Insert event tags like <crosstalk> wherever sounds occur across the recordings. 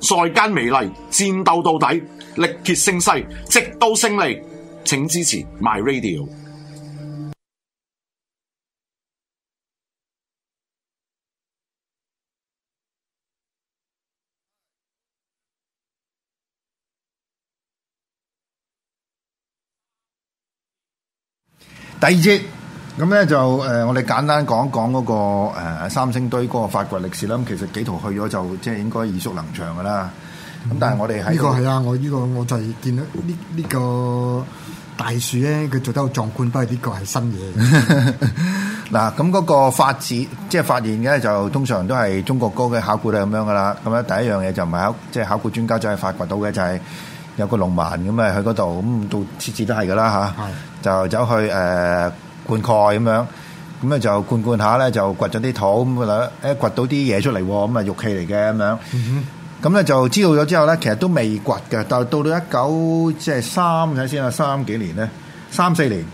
再間美麗，戰鬥到底，力竭聲嘶，直到勝利，請支持 My Radio。第二節。咁咧就誒、呃，我哋簡單講一講嗰、那個、呃、三星堆嗰個發掘歷史啦。咁其實幾圖去咗就即係應該耳熟能詳噶啦。咁、嗯、但係我哋係呢個係啊！我呢個我就見到呢呢個大樹咧，佢做得好壯觀，不過呢個係新嘢。嗱， <laughs> 咁嗰個發字即係發現嘅就通常都係中國高嘅考古啊咁樣噶啦。咁咧第一樣嘢就唔係即係考古專家就係發掘到嘅，就係、是、有個農民咁啊去嗰度咁到設置都係噶啦吓，就走去誒。呃灌溉咁樣，咁咧就灌灌下咧，就掘咗啲土咁啊！一掘到啲嘢出嚟，咁啊玉器嚟嘅咁樣，咁咧就知道咗之後咧，其實都未掘嘅。但係到到一九即係三睇下先啊，三幾年咧，三四年，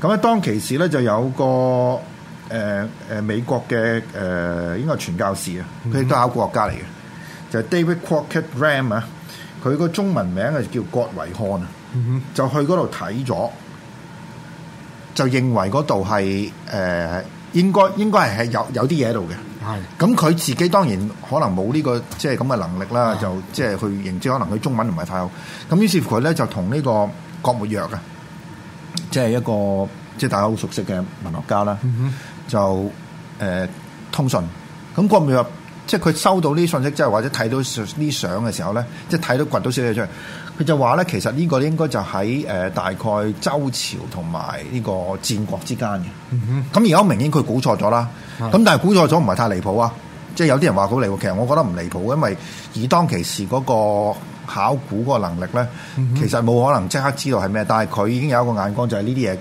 咁咧當其時咧就有一個誒誒、呃、美國嘅誒、呃、應該係傳教士啊，佢都係考古家嚟嘅、嗯，就係、是、David Crockett Ram 啊，佢個中文名啊叫郭維漢啊、嗯，就去嗰度睇咗。就認為嗰度係誒應該應該係係有有啲嘢喺度嘅，係咁佢自己當然可能冇呢個即係咁嘅能力啦，就即係去認知，可能佢中文唔係太好。咁於是乎佢咧就同呢個郭沫若啊，即係一個即係大家好熟悉嘅文學家啦，就誒通訊。咁郭沫若即係佢收到呢啲信息，即係或者睇到啲相嘅時候咧，即係睇到掘到消息出嚟，佢就話咧，其實呢個應該就喺大概周朝同埋呢個戰國之間嘅。咁而家明顯佢估錯咗啦。咁但係估錯咗唔係太離譜啊。即係有啲人話好離譜，其實我覺得唔離譜，因為以當其時嗰個考古嗰個能力咧、嗯，其實冇可能即刻知道係咩。但係佢已經有一個眼光，就係呢啲嘢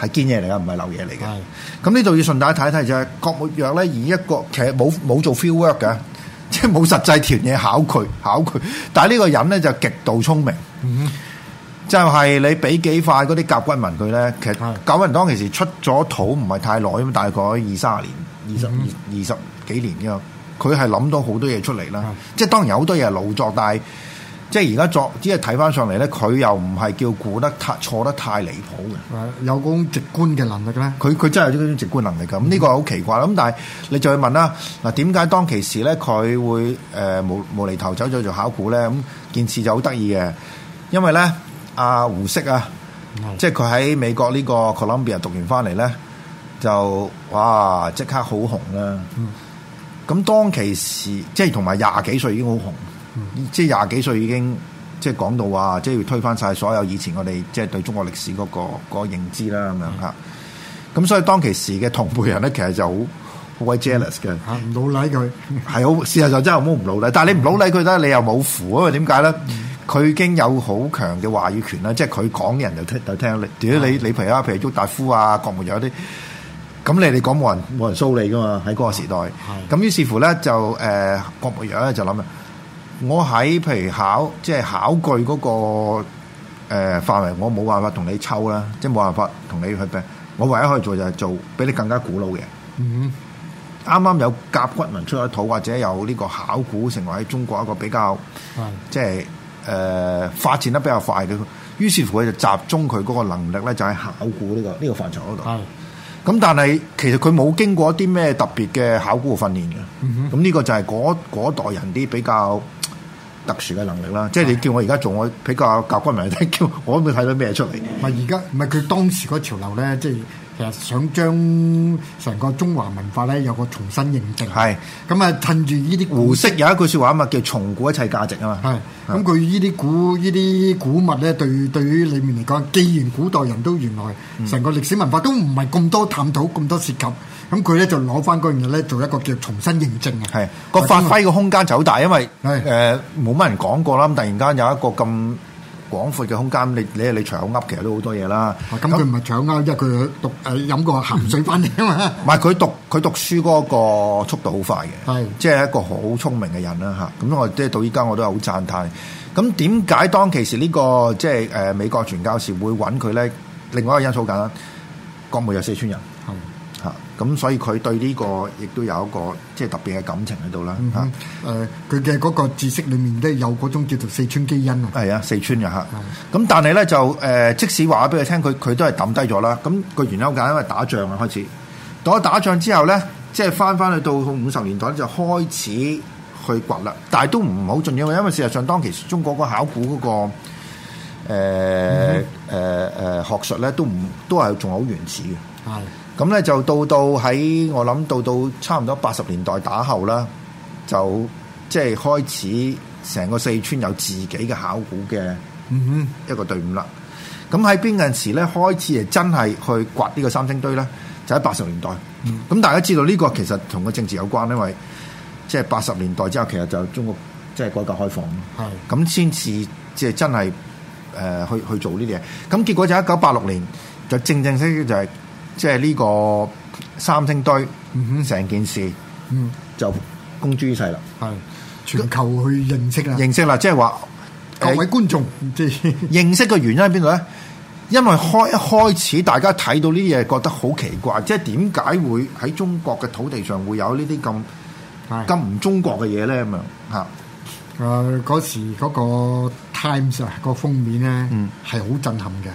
係堅嘢嚟嘅，唔係漏嘢嚟嘅。咁呢度要順帶睇一睇，就係郭沫若咧，以一個其實冇冇做 field work 嘅。即係冇實際條嘢考佢，考佢。但係呢個人咧就極度聰明，嗯、就係、是、你俾幾塊嗰啲甲骨文佢咧，其實九人當其時出咗土唔係太耐，咁大概二三十年、二十、二、嗯、二十幾年嘅。佢係諗到好多嘢出嚟啦、嗯。即係當然有好多嘢係老作，但係。即係而家作，只係睇翻上嚟咧，佢又唔係叫估得太錯得太離譜嘅。有種直觀嘅能力嘅咩？佢佢真係有嗰種直觀能力㗎。咁、嗯、呢、這個好奇怪咁，但係你再問啦，嗱，點解當其時咧佢會誒、呃、無無厘頭走咗做考古咧？咁件事就好得意嘅，因為咧阿、啊、胡適啊，嗯、即係佢喺美國呢個 Columbia 讀完翻嚟咧，就哇刻、啊嗯、即刻好紅啦。咁當其時即係同埋廿幾歲已經好紅。即係廿幾歲已經，即係講到話，即係要推翻晒所有以前我哋即係對中國歷史嗰個個認知啦咁樣吓。咁所以當其時嘅同輩人咧，其實就好好鬼 jealous 嘅吓，唔老禮佢係好事實上真係好唔老禮，但係你唔老禮佢咧，你又冇符啊嘛。點解咧？佢已經有好強嘅話語權啦，即係佢講嘅人就聽就聽力。屌你，你朋友啊，譬如郁達夫啊、郭沫若啲，咁你哋講冇人冇人蘇你噶嘛，喺嗰個時代，咁於是乎咧就誒、呃，郭沫若咧就諗啊。我喺譬如考即係考據嗰、那個誒、呃、範圍，我冇辦法同你抽啦，即係冇辦法同你去比。我唯一可以做就係做比你更加古老嘅。嗯，啱啱有甲骨文出咗土，或者有呢個考古成為喺中國一個比較即係誒發展得比較快嘅。於是乎佢就集中佢嗰個能力咧，就喺考古呢、這個呢、這個範疇嗰度。啊，咁但係其實佢冇經過一啲咩特別嘅考古訓練嘅。嗯咁呢、嗯、個就係嗰代人啲比較特殊嘅能力啦，即係你叫我而家做，我比較教軍人睇，我都未睇到咩出嚟。唔係而家，唔係佢當時個潮流咧，即係。其實想將成個中華文化咧有個重新認證係，咁啊趁住呢啲胡適有一句說話啊嘛，叫重估一切價值啊嘛係。咁佢呢啲古呢啲古物咧，對於對於裏面嚟講，既然古代人都原來成，嗯、個歷史文化都唔係咁多探討，咁多涉及，咁佢咧就攞翻嗰樣嘢咧做一個叫重新認證啊。係，個發揮個空間就好大，因為誒冇乜人講過啦，咁突然間有一個咁。廣闊嘅空間，你你係你搶鴨，其實都好多嘢啦。咁佢唔係搶鴨，因為佢讀誒飲過鹹水翻嚟啊嘛。唔係佢讀佢讀書嗰個速度好快嘅，係即係一個好聰明嘅人啦嚇。咁我即係到依家我都係好讚歎。咁點解當其時呢個即係誒美國傳教士會揾佢咧？另外一個因素簡單，郭沫若又四川人。咁所以佢對呢個亦都有一個即係特別嘅感情喺度啦。誒、嗯，佢嘅嗰個知識裡面都有嗰種叫做四川基因啊。係啊，四川嘅嚇。咁、啊、但係咧就誒、呃，即使話俾佢聽，佢佢都係抌低咗啦。咁個元憂界因為打仗啊開始。到咗打仗之後咧，即係翻翻去到五十年代呢就開始去掘啦。但係都唔好重要，因為事實上當時中國嗰考古嗰、那個誒誒誒學術咧都唔都係仲好原始嘅。係。咁咧就到到喺我諗到到差唔多八十年代打後啦，就即係開始成個四川有自己嘅考古嘅嗯哼一個隊伍啦。咁喺邊陣時咧開始係真係去掘呢個三星堆咧，就喺八十年代，嗯。咁大家知道呢個其實同個政治有關，因為即係八十年代之後，其實就中國即係改革開放咯。係咁先至即係真係誒去去做呢啲嘢。咁結果就一九八六年就正正式式就係、是。即係呢個三星堆，成件事就公諸於世啦，係全球去認識啦，認識啦，即係話各位觀眾、欸、認識嘅原因喺邊度咧？因為開一開始大家睇到呢嘢覺得好奇怪，即係點解會喺中國嘅土地上會有呢啲咁咁唔中國嘅嘢咧？咁樣嚇。誒、呃、嗰時嗰個 Times 個封面咧，係、嗯、好震撼嘅。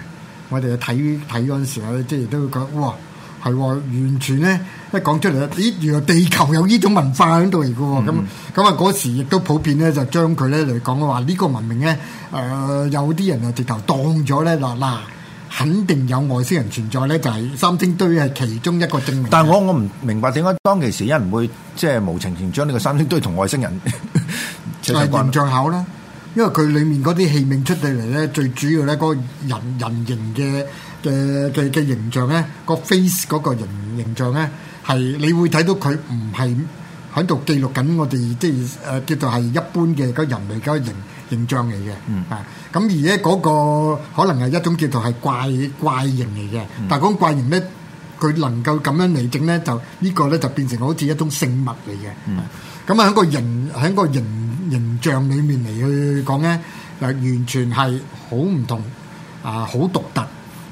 我哋睇睇嗰陣時啊，即係都會覺得哇，係喎，完全咧一講出嚟啊，咦，原來地球有呢種文化喺度嚟嘅喎。咁咁啊嗰時亦都普遍咧就將佢咧嚟講話呢個文明咧，誒有啲人啊直頭當咗咧嗱嗱，肯定有外星人存在咧，就係三星堆係其中一個證明。但係我我唔明白點解當其時有人唔會即係無情情將呢個三星堆同外星人嚟聯像考咧？ <laughs> <laughs> 因為佢裡面嗰啲器皿出到嚟咧，最主要咧嗰個人人形嘅嘅嘅嘅形象咧，個 face 嗰個人形象咧，係你會睇到佢唔係喺度記錄緊我哋即係誒叫做係一般嘅嗰人嚟嗰形形象嚟嘅。嗯，啊，咁而咧嗰個可能係一種叫做係怪怪形嚟嘅。嗯，但係講怪形咧，佢能夠咁樣嚟整咧，就呢個咧就變成好似一種聖物嚟嘅。嗯，咁啊喺個形喺個形形象裏面嚟去講咧，誒完全係好唔同啊，好獨特，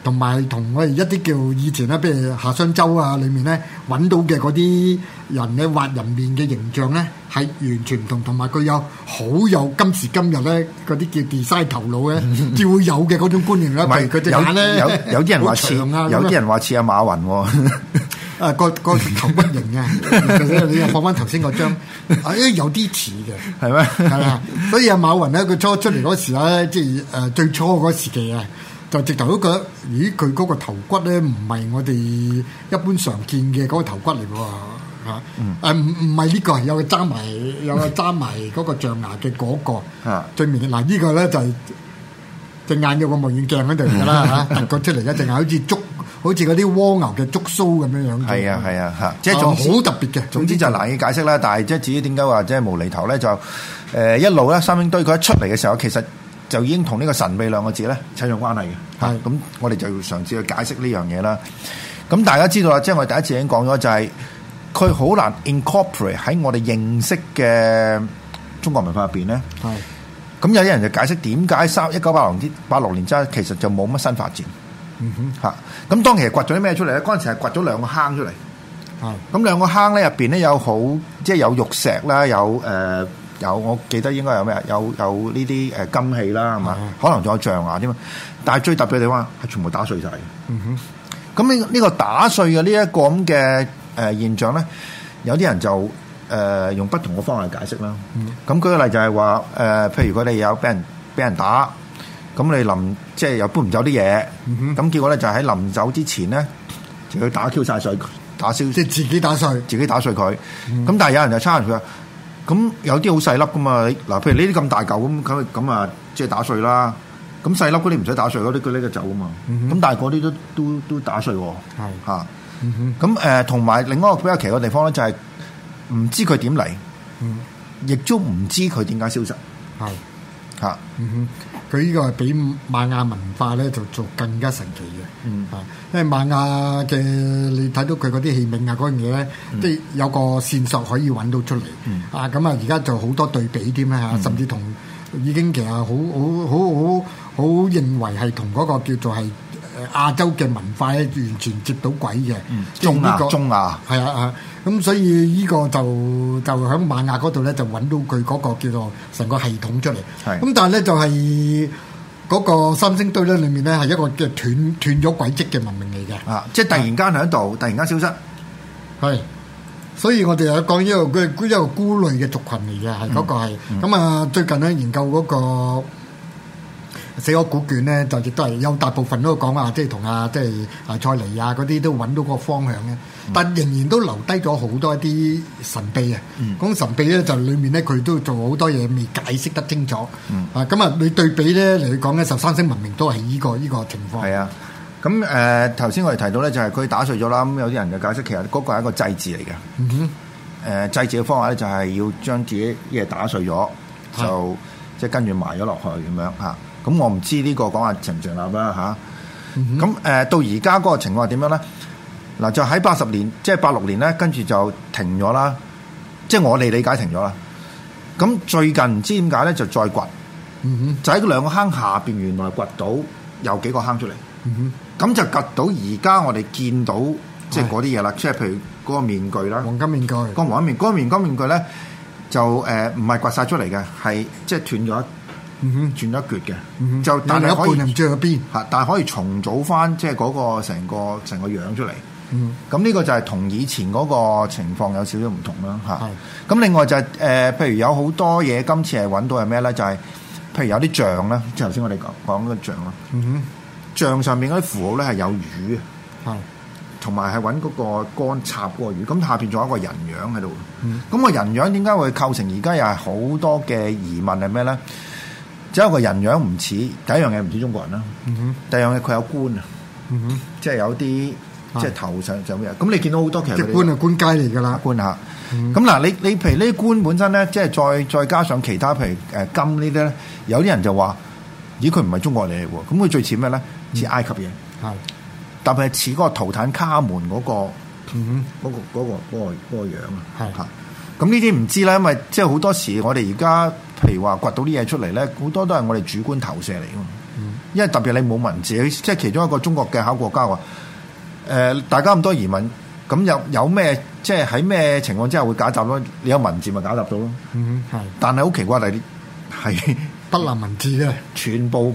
同埋同我哋一啲叫以前咧，譬如夏商周啊，裏面咧揾到嘅嗰啲人咧，畫人面嘅形象咧，係完全唔同，同埋佢有好有今時今日咧嗰啲叫 design 頭腦嘅，照會有嘅嗰種觀念啦， <laughs> 有有有啲人話似，有啲人話似阿馬雲，哦。 <laughs> 啊，個、那個頭骨型啊， <laughs> 你又放翻頭先嗰張，誒、 <laughs> 哎、有啲似嘅，係咩？係 <laughs> 啦，所以阿馬雲咧，佢初出嚟嗰時咧，即係誒最初嗰時期啊，就直頭都覺得，咦，佢嗰個頭骨咧唔係我哋一般常見嘅嗰個頭骨嚟喎，誒唔唔係呢個，有個揸埋有個揸埋嗰個象牙嘅嗰、那個，啊、最明面嗱呢、啊這個咧就是，隻眼有個望遠鏡喺度啦吓，割、嗯、 <laughs> 出嚟一隻眼好似捉。好似嗰啲蝸牛嘅觸鬚咁樣樣，係啊係啊嚇，即係仲好特別嘅。總之就難以解釋啦。但係即係至於點解話即係無厘頭咧，就誒、呃、一路咧三星堆佢一出嚟嘅時候，其實就已經同呢個神秘兩個字咧扯上關係嘅。係咁，我哋就要嘗試去解釋呢樣嘢啦。咁大家知道啦，即係我哋第一次已經講咗，就係佢好難 incorporate 喺我哋認識嘅中國文化入邊咧。係咁，有啲人就解釋點解三一九八零之八六年之後，其實就冇乜新發展。嗯哼，吓，咁當其時掘咗啲咩出嚟咧？嗰陣時係掘咗兩個坑出嚟，啊！咁兩個坑咧入邊咧有好，即係有玉石啦，有誒，有我記得應該有咩啊？有有呢啲誒金器啦，係嘛？可能仲有象牙添嘛。但係最特別嘅地方係全部打碎晒嘅。嗯哼，咁呢呢個打碎嘅呢一個咁嘅誒現象咧，有啲人就誒用不同嘅方法解釋啦。咁舉個例就係話誒，譬如如果你有俾人俾人打。咁你臨即係又搬唔走啲嘢，咁、嗯、結果咧就喺臨走之前咧，就要打 Q 晒碎佢，打消，即係自己打碎，打自己打碎佢。咁、嗯嗯、但係有人就差人佢啦。咁有啲好細粒噶嘛，嗱，譬如呢啲咁大嚿咁，咁咁啊，即係打碎啦。咁細粒嗰啲唔使打碎咯，啲佢拎佢走啊嘛。咁、嗯、但係嗰啲都都都打碎。係吓，咁、啊、誒，同、嗯、埋另外一個比較奇嘅地方咧，就係唔知佢點嚟，亦都唔知佢點解消失。係吓。啊嗯佢呢個係比瑪雅文化咧就做更加神奇嘅，嚇、嗯，因為瑪雅嘅你睇到佢嗰啲器皿啊嗰樣嘢咧，即、嗯、係、就是、有個線索可以揾到出嚟、嗯，啊咁啊而家就好多對比添啊、嗯，甚至同已經其實好好好好好認為係同嗰個叫做係。亞洲嘅文化咧，完全接唔到軌嘅、嗯。中亞，係、這個、啊，咁所以呢個就就喺瑪雅嗰度咧，就揾到佢嗰個叫做成個系統出嚟。咁但係咧就係嗰個三星堆咧，裡面咧係一個嘅斷斷咗軌跡嘅文明嚟嘅。啊，即係突然間喺度，突然間消失。係，所以我哋又講呢個佢一,一,一個孤類嘅族群嚟嘅，係嗰個係。咁啊、嗯，最近咧研究嗰、那個。死我古卷咧，就亦都係有大部分都講啊，即係同啊，即係啊蔡黎啊嗰啲都揾到個方向但仍然都留低咗好多一啲神秘啊。咁、嗯那個、神秘咧，就裏面咧佢都做好多嘢未解釋得清楚。嗯、啊，咁啊，你對比咧嚟講嘅十三星文明都係依、這個依、這個情況。係啊，咁誒頭先我哋提到咧，就係、是、佢打碎咗啦。咁有啲人嘅解釋其實嗰個係一個祭字嚟嘅。嗯、呃、祭字嘅方法咧就係要將自己嘢打碎咗，就即跟住埋咗落去咁樣咁我唔知呢個講話成唔成立啦吓。咁、嗯、誒到而家嗰個情況係點樣咧？嗱就喺八十年，即係八六年咧，跟住就停咗啦。即、就、係、是、我哋理解停咗啦。咁最近唔知點解咧就再掘，嗯、就喺兩個坑下邊，原來掘到有幾個坑出嚟。咁、嗯、就掘到而家我哋見到即係嗰啲嘢啦，即係譬如嗰個面具啦，黃金面具，嗰、嗰個黃金面，嗰、嗰個、面，嗰、嗰個面，嗰個、面具咧就誒唔係掘晒出嚟嘅，係即係斷咗。嗯、轉咗一橛嘅、嗯，就但係可以唔著個邊嚇，但係可以重組翻即係嗰個成個成個樣出嚟。咁、嗯、呢個就係同以前嗰個情況有少少唔同啦嚇。咁、嗯、另外就係、是、誒、呃，譬如有好多嘢今次係揾到係咩咧？就係、是、譬如有啲象咧，即係頭先我哋講講嘅象。咯。嗯，象嗯上面嗰啲符號咧係有魚，係同埋係揾嗰個竿插嗰個魚。咁下邊仲有一個人樣喺度。咁、嗯、個人樣點解會構成而家又係好多嘅疑問係咩咧？只有佢人樣唔似，第一樣嘢唔似中國人啦、嗯。第二樣嘢佢有官啊、嗯，即係有啲、嗯、即係頭上就咁樣。咁你見到好多其實官啊官階嚟噶啦，官吓。咁嗱、嗯，你你譬如呢啲官本身咧，即係再再加上其他譬如誒金呢啲咧，有啲人就話咦，佢唔係中國人嚟喎，咁佢最似咩咧？似、嗯、埃及嘢係，特別係似嗰個圖坦卡門嗰、嗰個，嗰、嗯嗰個嗰、嗰個、嗰個嗰個樣啊，係吓。咁呢啲唔知啦，因為即係好多時我哋而家。譬如話掘到啲嘢出嚟咧，好多都係我哋主觀投射嚟嘅。嗯，因為特別你冇文字，即係其中一個中國嘅考國家話，誒、呃，大家咁多疑問，咁有有咩即係喺咩情況之下會解答咯？你有文字咪解答到咯？嗯，係。但係好奇怪係，係係不立文字嘅，全部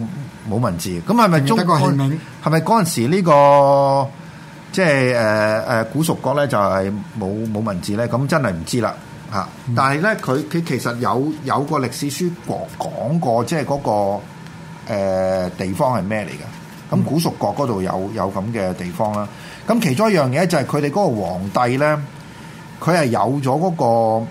冇文字咁係咪中？得個係咪嗰陣時呢、呢個即係誒誒古蜀國咧，就係冇冇文字咧？咁真係唔知啦。吓但係咧，佢、嗯、佢其實有有個歷史書講講，講過，即係嗰個、呃、地方係咩嚟嘅？咁、嗯、古蜀國嗰度有有咁嘅地方啦。咁其中一樣嘢就係佢哋嗰個皇帝咧，佢係有咗嗰、那個誒、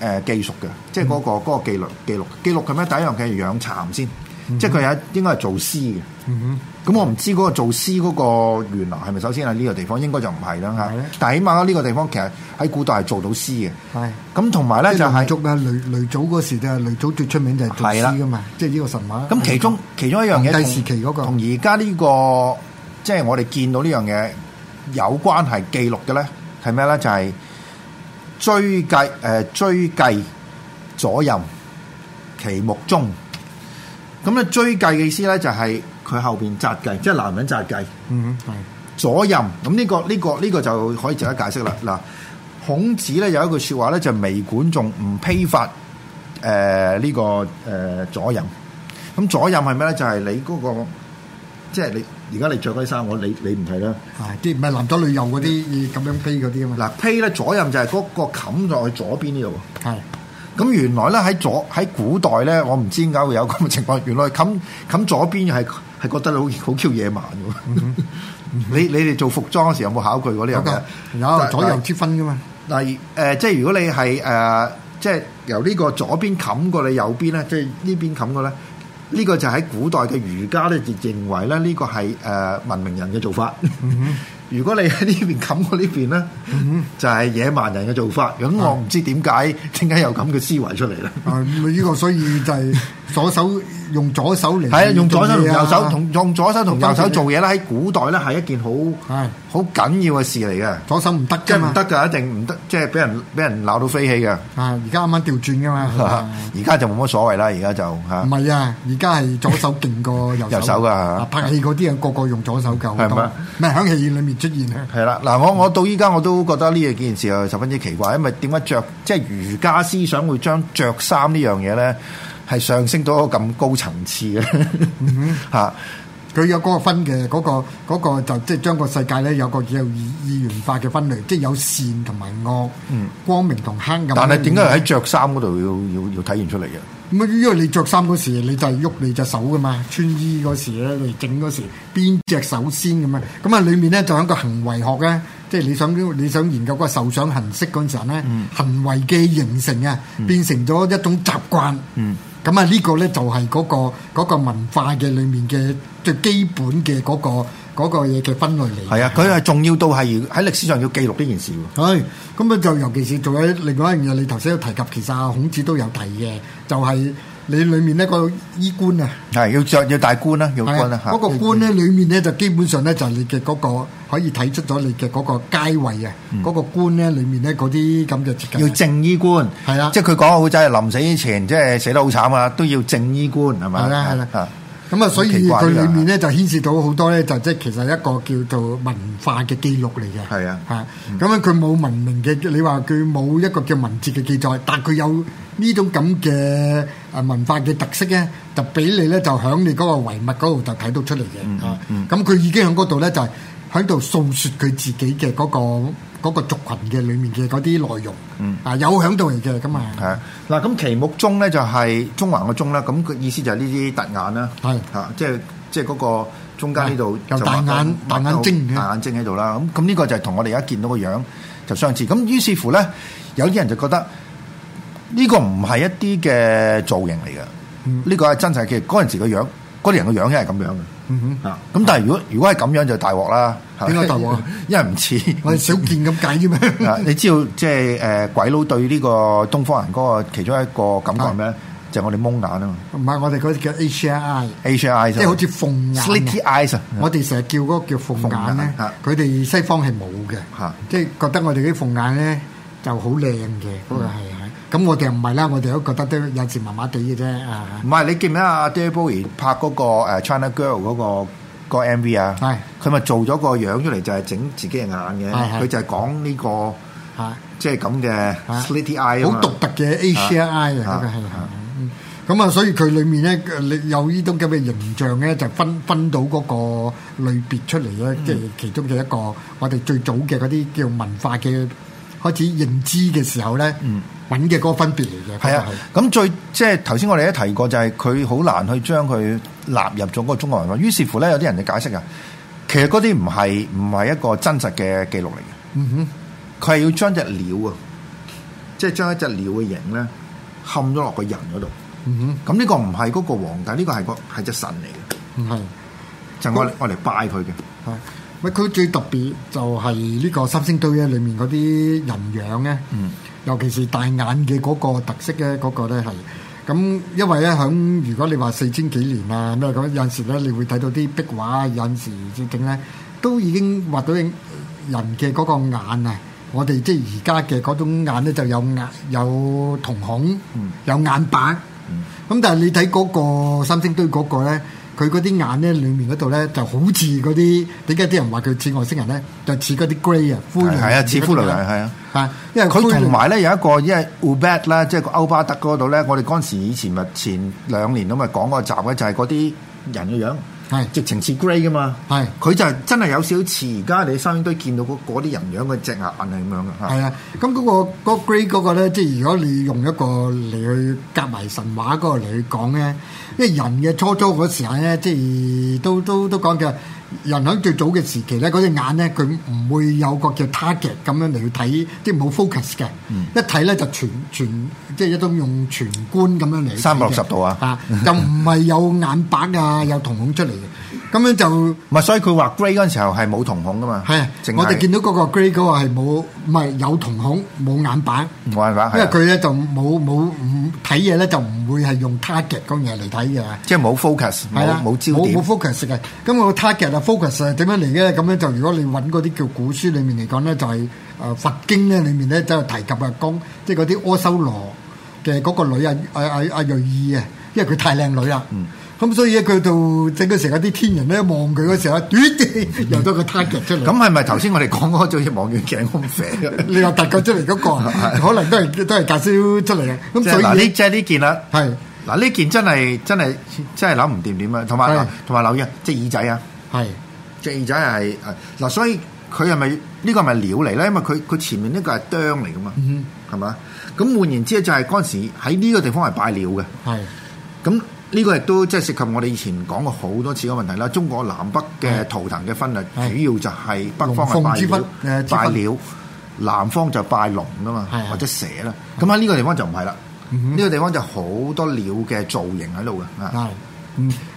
呃、記述嘅，即係嗰個嗰、嗯、個記錄記錄記錄咩？第一樣嘅係養蠶先。嗯、即係佢喺應該係做絲嘅，咁、嗯、我唔知嗰個做絲嗰個源頭係咪首先喺呢個地方，應該就唔係啦吓。但係起碼呢個地方其實喺古代係做到絲嘅。係咁，同埋咧就係、是就是、族啊，嫘嫘祖嗰時嘅嫘祖最出名就係做絲噶嘛，是的即係呢個神話。咁其中是的其中一樣嘢同第時期嗰、那個同而家呢個即係、就是、我哋見到呢樣嘢有關係記錄嘅咧，係咩咧？就係、是、追計誒、呃、追計左右其目中。咁咧追計嘅意思咧就係佢後面紮計，即係男人紮計。嗯，係左衽。咁呢個呢個呢個就可以值得解釋啦。嗱，孔子咧有一句說話咧就係微管仲唔披發誒呢個誒左衽。咁左衽係咩咧？就係你嗰個即係你而家你着嗰啲衫，我你你唔睇啦。係唔係男左女右嗰啲咁樣披嗰啲啊嘛。嗱，披咧左衽就係嗰個冚在左邊呢度。係。咁原來咧喺左喺古代咧，我唔知點解會有咁嘅情況。原來冚冚左邊係係覺得好好 Q 野蠻嘅喎。 <laughs> 你你哋做服裝嘅時候有冇考慮過呢有嘢？有、okay, 左右之分嘅嘛？嗱，誒、呃、即係如果你係、呃、即係由呢個左邊冚過你右邊咧，即係呢邊冚過咧，呢、呢個就喺古代嘅儒家咧就認為咧呢個係誒、呃、文明人嘅做法。 <laughs> 如果你喺呢邊冚我呢邊咧，就係野蠻人嘅做法。咁我唔知點解，點解有咁嘅思維出嚟咧？啊，呢、呢個所以就係、係。 <laughs> 左手用左手連、啊，係啊用左手右手同、啊、用左手同右手做嘢啦！喺、就是、古代咧係一件好好緊要嘅事嚟嘅，左手唔得㗎，唔得就一定唔得，即係俾人俾人鬧到飛起噶。啊！而家啱啱調轉噶嘛，而家 <laughs> 就冇乜所謂啦，而家就吓。唔係啊，而家係左手勁過右手。 <laughs> 右手噶、啊、拍戲嗰啲人個個用左手夠多。咩響戲院裏面出現係，係啦，嗱、啊，我我到依家我都覺得呢件事十分之奇怪，嗯、因為點解着即係儒家思想會將着衫呢樣嘢咧？係上升到一個咁高層次嘅佢、 <laughs> 嗯、 <laughs> 有嗰個分嘅，嗰、那個嗰、那個、就即係將個世界咧有個有二元化嘅分類，即、就、係、是、有善同埋惡，嗯，光明同黑暗。但係點解喺着衫嗰度要要要體現出嚟嘅？咁啊，因為你着衫嗰時，你就係喐你隻手噶嘛，穿衣嗰時咧嚟整嗰時，邊隻手先咁啊？咁啊，裏面咧就喺個行為學咧，即、就、係、是、你想你想研究個受想行識嗰時候咧、嗯，行為嘅形成啊、嗯，變成咗一種習慣，嗯。咁、這、啊、個那個，呢個咧就係嗰個文化嘅裏面嘅最基本嘅嗰、那個嘢嘅、那個、分類嚟。係啊，佢係重要到係喺歷史上要記錄呢件事喎。係，咁啊就尤其是仲有另外一樣嘢，你頭先都提及，其實孔子都有提嘅，就係、是。你裏面呢個衣冠啊，係要着要戴冠啦，要啦嗰、啊啊嗰個冠咧裏面咧就基本上咧就係你嘅嗰個可以睇出咗你嘅嗰個階位、嗯那個、那啊。嗰個冠咧裏面咧嗰啲咁嘅設計，要正衣冠，係啦。即係佢講好真係臨死之前，即係死得好慘啊，都要正衣冠係嘛。是吧是咁、嗯、啊，所以佢裏面咧就牽涉到好多咧，就即係其實一個叫做文化嘅記錄嚟嘅。係啊，嚇、嗯！咁樣佢冇文明嘅，你話佢冇一個叫文字嘅記載，但係佢有呢種咁嘅誒文化嘅特色咧，就俾你咧就喺你嗰個遺物嗰度就睇到出嚟嘅。嗯咁佢、嗯嗯嗯、已經喺嗰度咧就係、係。喺度訴説佢自己嘅嗰、嗰個嗰個族群嘅裡面嘅嗰啲內容，嗯、啊有喺度嚟嘅咁嘛？嗱咁、就係，其目中咧就係、係、中環個中啦。咁佢意思就係呢啲凸眼啦，嚇即係即係嗰個中間呢度就凸眼凸眼睛，凸眼睛喺度啦。咁咁呢個就係同我哋而家見到個樣就相似。咁於是乎咧，有啲人就覺得呢、呢個唔係一啲嘅造型嚟嘅，呢、嗯呢個係真實嘅。嗰陣時個樣，嗰啲人個樣一向係咁樣嘅。嗯哼，咁但係如果如果係咁樣就大鑊啦，點解大鑊？因為唔似我哋少見咁解啫嘛。你知道即係誒鬼佬對呢個東方人嗰個其中一個感覺係咩咧？就係我哋蒙眼啊嘛，唔係我哋嗰啲叫 H I I，H I 即係好似鳳眼，slitty eyes。我哋成日叫嗰個叫鳳眼咧，佢哋西方係冇嘅，即係覺得我哋啲鳳眼咧就好靚嘅，嗰個係。咁我哋又唔係啦，我哋都覺得都有時麻麻地嘅啫啊！唔係你記唔記得啊？阿 David Bowie 拍嗰個誒 China Girl 嗰個個 MV 啊？係佢咪做咗個樣出嚟，就係整自己嘅眼嘅。係係佢就係講呢個即係咁嘅 slitty eye 啊！好獨特嘅 ACI 啊！咁啊，所以佢裡面咧，你有呢種咁嘅形象咧，就分分到嗰個類別出嚟咧。即係其中嘅一個，我哋最早嘅嗰啲叫文化嘅開始認知嘅時候咧。嗯。揾嘅嗰個分別嚟嘅，係啊。咁最即係頭先我哋一提過，就係佢好難去將佢納入咗嗰個中國文化。於是乎咧，有啲人就解釋啊，其實嗰啲唔係唔係一個真實嘅記錄嚟嘅。嗯哼，佢係要將隻鳥啊，即係將一隻鳥嘅形咧，冚咗落個人嗰度。嗯哼。咁呢個唔係嗰個皇帝，呢個係個係隻神嚟嘅。唔係，就我愛嚟拜佢嘅。嚇，咪佢最特別就係呢個三星堆咧，裡面嗰啲人樣咧。嗯。尤其是大眼嘅嗰、那個特色咧，嗰個咧係咁，因為咧響，如果你話四千幾年啊咩咁，有陣時咧你會睇到啲壁畫，有陣時究竟咧都已經畫到人嘅嗰個眼啊，我哋即係而家嘅嗰種眼咧就有眼有瞳孔，有眼白，咁、嗯嗯、但係你睇嗰個三星堆嗰個咧。佢嗰啲眼咧，裏面嗰度咧，就好似嗰啲點解啲人話佢似外星人咧，就似嗰啲 gray 啊，灰類係啊，似骷髏啦，係啊。因為佢同埋咧有一個，因為 Ubed 啦，即係歐巴特嗰度咧，我哋嗰陣時以前咪前兩年都咪講嗰集咧，就係嗰啲人嘅樣。係直情似 grey 噶嘛，係佢就真係有少少似而家你三星堆見到嗰啲人樣嘅隻眼係咁樣嘅。係啊，咁嗰、嗰個嗰 grey 嗰個咧，即係如果你用一個嚟去夾埋神話嗰個嚟講咧，因為人嘅初初嗰時間咧，即係都都都講嘅。人喺最早嘅時期咧，嗰隻眼咧，佢唔會有個叫 target 咁樣嚟去睇，即係冇 focus 嘅。嗯、一睇咧就全全，即係一種用全觀咁樣嚟。三百六十度啊，啊，嚇，又唔係有眼白啊， <laughs> 有瞳孔出嚟嘅。咁樣就唔係，所以佢話 grey 嗰陣時候係冇瞳孔噶嘛。係，我哋見到嗰個 grey 嗰個係冇，唔係有瞳孔冇眼板。冇眼板，因為佢咧就冇冇唔睇嘢咧，就唔會係用 target 嗰樣嚟睇嘅。即係冇 focus，係啊，冇冇焦點。冇 focus 嘅，咁個 target 啊 focus 啊點樣嚟嘅？咁樣就如果你揾嗰啲叫古書裡面嚟講咧，就係誒佛經咧裡面咧都有提及嘅。講即係嗰啲阿修羅嘅嗰個女啊，阿阿阿瑞爾啊，因為佢太靚女啦。嗯。咁所以咧，佢就整個成日啲天人咧望佢嗰時候，短、哎、啲又到個 target 出嚟。咁係咪頭先我哋講嗰個最望遠鏡咁肥？ <laughs> 你又突佢出嚟嗰、嗰個， <laughs> 可能都係都係介紹出嚟嘅。咁所以呢即呢件啦。嗱，呢件真係真係真係諗唔掂點啊！同埋同埋留意啊，隻耳仔啊，係隻耳仔係嗱，所以佢係咪呢個係咪鳥嚟咧？因為佢佢前面呢個係釘嚟噶嘛，係、嗯、咪？咁換言之、就係，就係嗰陣時喺呢個地方係拜鳥嘅。咁。呢、個亦都即係涉及我哋以前講過好多次嘅問題啦。中國南北嘅圖騰嘅分類，主要就係北方係拜鳥，拜鳥；南方就拜龍噶嘛，或者蛇啦。咁喺呢個地方就唔係啦，呢、個地方就好多鳥嘅造型喺度嘅。係，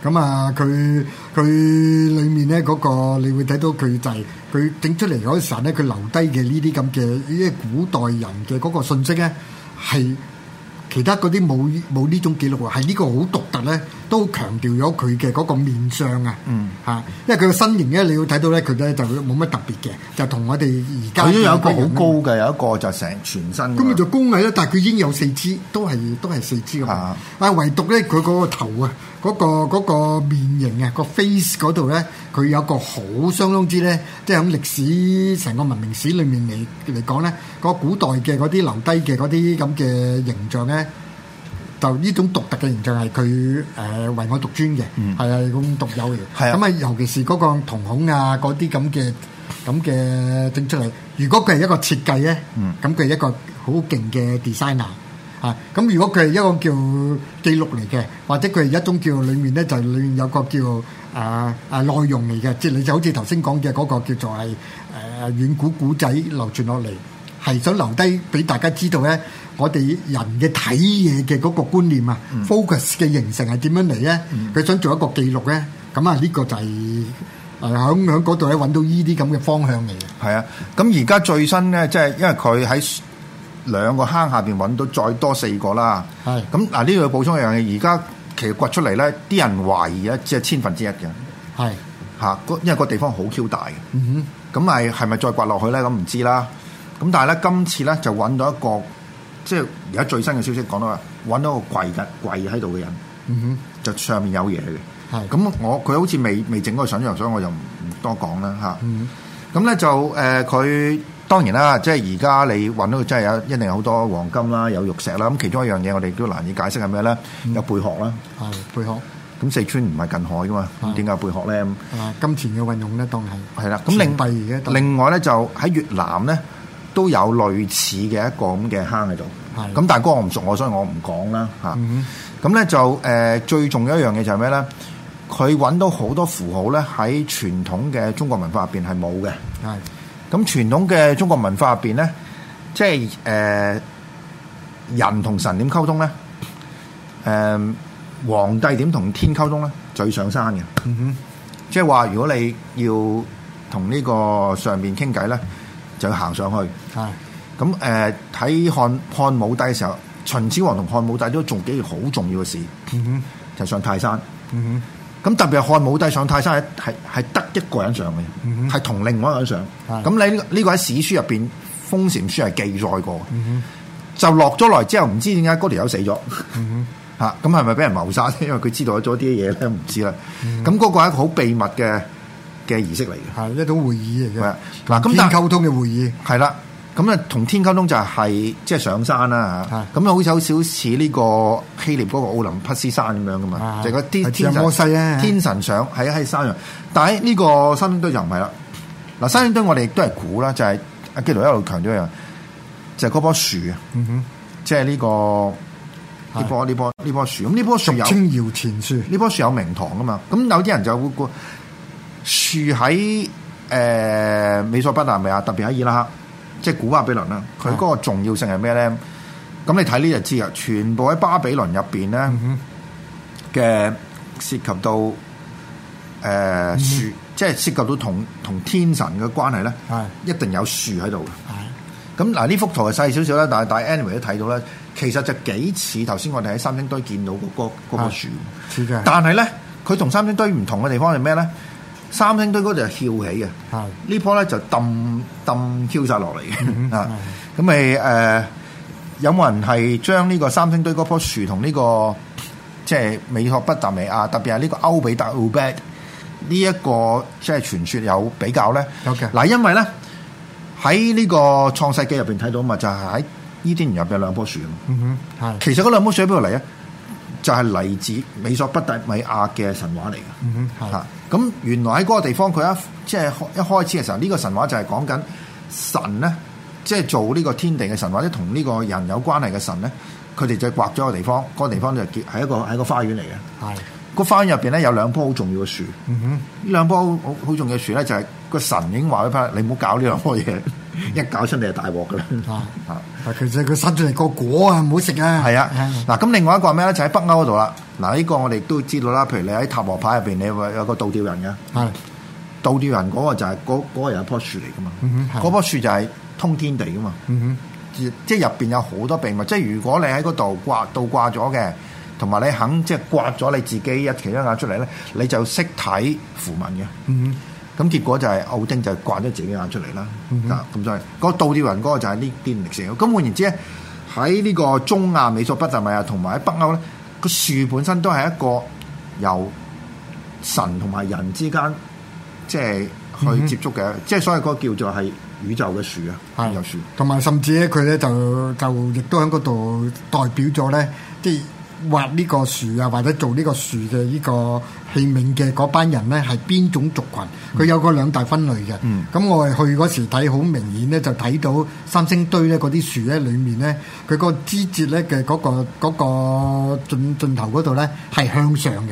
咁啊，佢、嗯、佢、嗯、裡面咧嗰個，你會睇到佢就係佢整出嚟嗰陣咧，佢留低嘅呢啲咁嘅，呢啲古代人嘅嗰個信息咧係。是其他嗰啲冇冇呢種記錄，係呢個好獨特咧，都強調咗佢嘅嗰個面相啊，嗯，因為佢嘅身形咧，你要睇到咧，佢咧就冇乜特別嘅，就同我哋而家佢有一個好高嘅，有一個就成全身咁。咁佢就做工藝呢，但係佢已經有四肢，都係都係四肢啊，唯獨咧，佢嗰個頭啊。嗰個嗰個面型啊，個 face 嗰度咧，佢有個好相當之咧，即係喺歷史成個文明史裏面嚟嚟講咧，個古代嘅嗰啲留低嘅嗰啲咁嘅形象咧，就呢種獨特嘅形象係佢誒唯我獨尊嘅，係啊咁獨有嘅。係啊，咁啊尤其是嗰個瞳孔啊嗰啲咁嘅咁嘅整出嚟，如果佢係一個設計咧，咁佢係一個好勁嘅 designer。啊！咁如果佢係一個叫記錄嚟嘅，或者佢係一種叫裡面咧，就裡面有個叫啊啊內容嚟嘅，即係你就好似頭先講嘅嗰個叫做係誒遠古古仔流傳落嚟，係想留低俾大家知道咧，我哋人嘅睇嘢嘅嗰個觀念啊，focus 嘅形成係點樣嚟咧？佢想做一個記錄咧，咁啊呢個就係誒喺喺嗰度咧搵到依啲咁嘅方向嚟嘅。係啊！咁而家最新咧，即係因為佢喺。兩個坑下邊揾到再多四個啦，咁嗱，呢度要補充一樣嘢，而家其實掘出嚟咧，啲人懷疑啊，即係千分之一嘅，嚇，因為個地方好 Q 大嘅，咁係係咪再掘落去咧？咁唔知啦。咁但係咧，今次咧就揾到一個，即係而家最新嘅消息講到話，揾到個櫃嘅櫃喺度嘅人、嗯哼，就上面有嘢嘅，咁我佢好似未未整嗰個上章，所以我就唔多講啦嚇。咁、嗯、咧就誒佢。呃當然啦，即係而家你揾到，真係有一定有好多黃金啦，有玉石啦。咁其中一樣嘢，我哋都難以解釋係咩咧？有貝殼啦，啊貝殼。咁四川唔係近海噶嘛？咁點解貝殼咧？金錢嘅運用咧，當然係啦。咁另另外咧就喺越南咧都有類似嘅一個咁嘅坑喺度。咁但係哥我唔熟，我所以我唔講啦。嚇、嗯。咁、啊、咧就、呃、最重要一樣嘢就係咩咧？佢揾到好多符號咧，喺傳統嘅中國文化入邊係冇嘅。咁傳統嘅中國文化入邊咧，即係、呃、人同神點溝通咧？誒、呃、皇帝點同天溝通咧？最上山嘅、嗯，即係話如果你要同呢個上面傾偈咧，就要行上去。咁誒，睇、嗯、漢、呃、漢武帝嘅時候，秦始皇同漢武帝都做幾件好重要嘅事，嗯、哼就、上泰山。嗯哼咁特別，漢武帝上泰山係得一個人上嘅，係，mm-hmm，同另外一個人上。咁你呢個喺史書入面，《封禪書》係記載過嘅，mm-hmm，就落咗來之後，唔知點解嗰條友死咗。咁係咪俾人謀殺？因為佢知道咗啲嘢咧，唔知啦。咁，mm-hmm，嗰個係一個好秘密嘅嘅儀式嚟嘅，係一種會議嚟嘅，嗱咁但溝通嘅會議係啦。咁咧，同天溝通就係即係上山啦咁就好似少似呢個希臘嗰個奧林匹斯山咁樣噶嘛，就個、是、啲天,天,天神上，摩西啊，天神上喺喺山上。但係呢個三星堆就唔係啦。嗱，三星堆我哋都係估啦，就係、是、阿紀佬一路強調嘅，就係、是、嗰棵樹啊。嗯哼，即係呢個呢棵呢棵呢棵樹。咁呢棵樹有搖錢樹，呢棵樹有名堂㗎嘛。咁有啲人就會估，樹喺、呃、美索不達米亞特別喺伊拉克。即係古巴比倫啦，佢嗰個重要性係咩咧？咁你睇呢隻字啊，全部喺巴比倫入邊咧嘅涉及到誒、呃嗯、樹，即係涉及到同同天神嘅關係咧，係一定有樹喺度嘅。係咁嗱，呢幅圖係細少少啦，但係但 anyway 都睇到啦。其實就幾似頭先我哋喺三星堆見到嗰個嗰個樹嘅。但係咧，佢同三星堆唔同嘅地方係咩咧？三星堆嗰度係翹起嘅，呢棵咧就掟掟翹晒落嚟嘅啊！咁咪誒有冇人係將呢個三星堆嗰棵樹同呢、呢個即係、即係、美索不達美亞，特別係呢個歐比達歐比，呢、呢、一個即係傳說有比較咧？嗱、okay.，因為咧喺呢喺呢個創世記入面睇到啊嘛，就係喺呢啲入邊有兩棵樹。哼，其實嗰兩棵樹喺邊度嚟啊？就係、是、嚟自美索不達米亞嘅神話嚟嘅，嚇、嗯、咁原來喺嗰個地方，佢一即係、就是、一開始嘅時候，呢、這個神話就係講緊神咧，即、就、係、是、做呢個天地嘅神，或者同呢個人有關係嘅神咧，佢哋就畫咗個地方，個地方就叫係一個係一個花園嚟嘅。係個花園入邊咧有兩棵好重要嘅樹，呢、嗯嗯、兩棵好好重要嘅樹咧就係、是、個神已經話咗翻，你唔好搞呢兩棵嘢、嗯，一搞出嚟就大鑊㗎啦。嗯其實佢生出嚟個果不吃啊，唔好食啦。係啊，嗱，咁另外一個話咩咧？就喺、是、北歐嗰度啦。嗱，呢個我哋都知道啦。譬如你喺塔羅牌入邊，你有有個倒吊人嘅，係倒吊人嗰個就係嗰嗰個又係棵樹嚟噶嘛。嗯哼。嗰棵樹就係通天地噶嘛。嗯哼。即係入邊有好多秘密。即係如果你喺嗰度掛倒掛咗嘅，同埋你肯即係刮咗你自己一其中一眼出嚟咧，你就識睇符文嘅。咁結果就係奧丁就係刮咗自己的眼出嚟啦，嗱、嗯、咁所以、個倒吊人嗰個就係呢啲歷史。咁換言之咧，喺呢個中亞、美索不達米亞同埋喺北歐咧，個樹本身都係一個由神同埋人之間即係、就是、去接觸嘅，即、嗯、係所謂嗰個叫做係宇宙嘅樹啊，宇宙樹。同埋甚至咧，佢咧就就亦都喺嗰度代表咗咧啲。即係挖呢個樹啊，或者做呢個樹嘅呢、呢個器皿嘅嗰班人呢，係邊種族群？佢、嗯、有個兩大分類嘅。咁、嗯、我哋去嗰時睇好明顯呢，就睇到三星堆呢嗰啲樹咧，裡面呢，佢個枝節呢嘅嗰個嗰、嗰個盡盡頭嗰度呢，係向上嘅。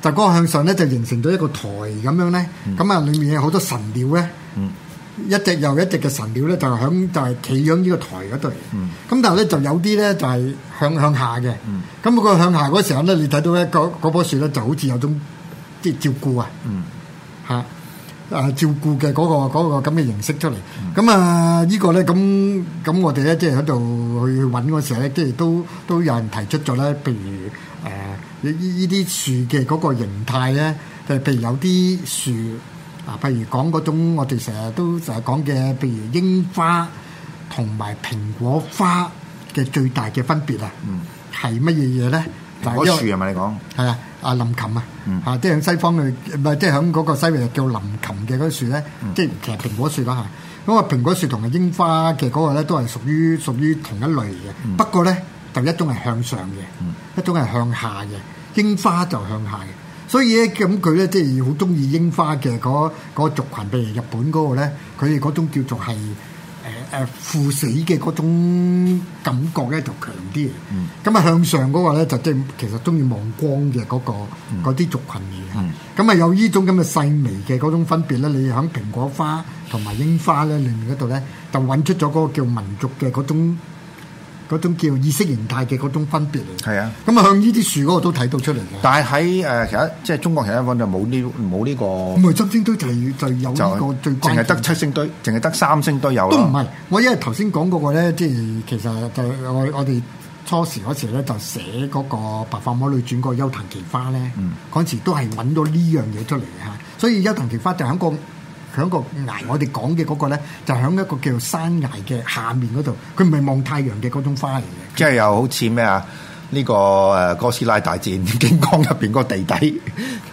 就嗰個向上呢，就形成咗一個台咁樣呢。咁、嗯、啊，裡面有好多神鳥咧。嗯一隻又一隻嘅神鳥咧，就響就係企喺呢個台嗰度。咁、嗯、但係咧，就有啲咧就係向向下嘅。咁、嗯、個向下嗰時候咧，你睇到咧嗰嗰棵樹咧，就好似有一種即係照顧、嗯、啊嚇，誒照顧嘅嗰、嗰個咁嘅、嗰個、形式出嚟。咁、嗯、啊呢個咧，咁咁我哋咧即係喺度去揾嗰時候咧，即係都都有人提出咗咧，譬如誒呢呢啲樹嘅嗰個形態咧，誒、就係、譬如有啲樹。啊，譬如講嗰種我哋成日都成日講嘅，譬如櫻花同埋蘋果花嘅最大嘅分別啊，係乜嘢嘢咧？蘋果樹係咪你講？係、嗯、啊，啊林琴啊，啊即係響西方嘅，即係響嗰個西語叫林琴嘅嗰樹咧，即、嗯、係、就是、其實蘋果樹啦嚇。咁啊，蘋果樹同埋櫻花嘅嗰個咧都係屬於屬於同一類嘅、嗯，不過咧就一種係向上嘅、嗯，一種係向下嘅，櫻花就向下嘅。所以咧，咁佢咧即係好中意櫻花嘅嗰個族群，譬如日本嗰、嗰個咧，佢哋嗰種叫做係誒誒赴死嘅嗰種感覺咧就強啲。嗯。咁啊向上嗰個咧就即係其實中意望光嘅嗰個嗰啲族群嚟嘅。咁、嗯、啊、嗯、有呢種咁嘅細微嘅嗰種分別咧，你喺蘋果花同埋櫻花咧裏面度咧，就揾出咗嗰個叫民族嘅嗰種。嗰種叫意識形態嘅嗰種分別嚟，係啊，咁啊向呢啲樹嗰個都睇到出嚟嘅。但係喺其實即係中國，其實一方面就冇呢冇呢個。唔係七星堆就係就有呢、這個，淨係得七星堆，淨係得三星堆有。都唔係，我因為頭先講嗰個咧，即係其實就我我哋初時嗰時咧就寫嗰個《白髮魔女傳嗰幽藤奇花》咧、嗯，嗰時都係揾咗呢樣嘢出嚟嘅吓，所以《幽藤奇花》就喺個。喺、個崖，我哋講嘅嗰個咧，就喺一個叫做山崖嘅下面嗰度。佢唔係望太陽嘅嗰種花嚟嘅。即係又好似咩啊？呢個誒哥斯拉大戰金剛入邊個地底